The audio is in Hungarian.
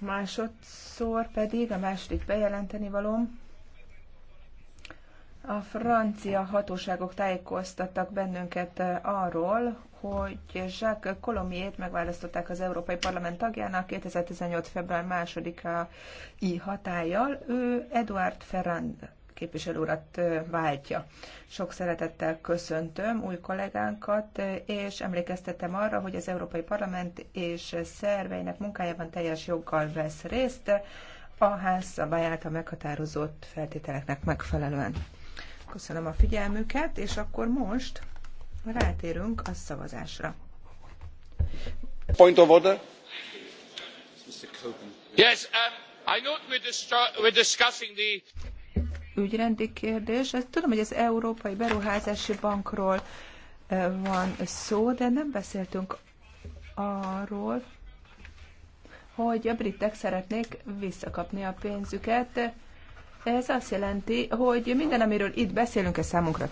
Másodszor pedig a második bejelenteni valom A francia hatóságok tájékoztattak bennünket eh, arról, hogy Jacques Colomiét megválasztották az Európai Parlament tagjának 2018. február 2-i hatállyal. Ő Eduard Ferrand képviselő urat váltja. Sok szeretettel köszöntöm új kollégánkat, és emlékeztetem arra, hogy az Európai Parlament és szerveinek munkájában teljes joggal vesz részt a ház szabályát a meghatározott feltételeknek megfelelően. Köszönöm a figyelmüket, és akkor most rátérünk a szavazásra. Point of order. Yes, um, I know we're, discussing the ügyrendi kérdés. Ezt tudom, hogy az Európai Beruházási Bankról van szó, de nem beszéltünk arról, hogy a britek szeretnék visszakapni a pénzüket. Ez azt jelenti, hogy minden, amiről itt beszélünk, ez számunkra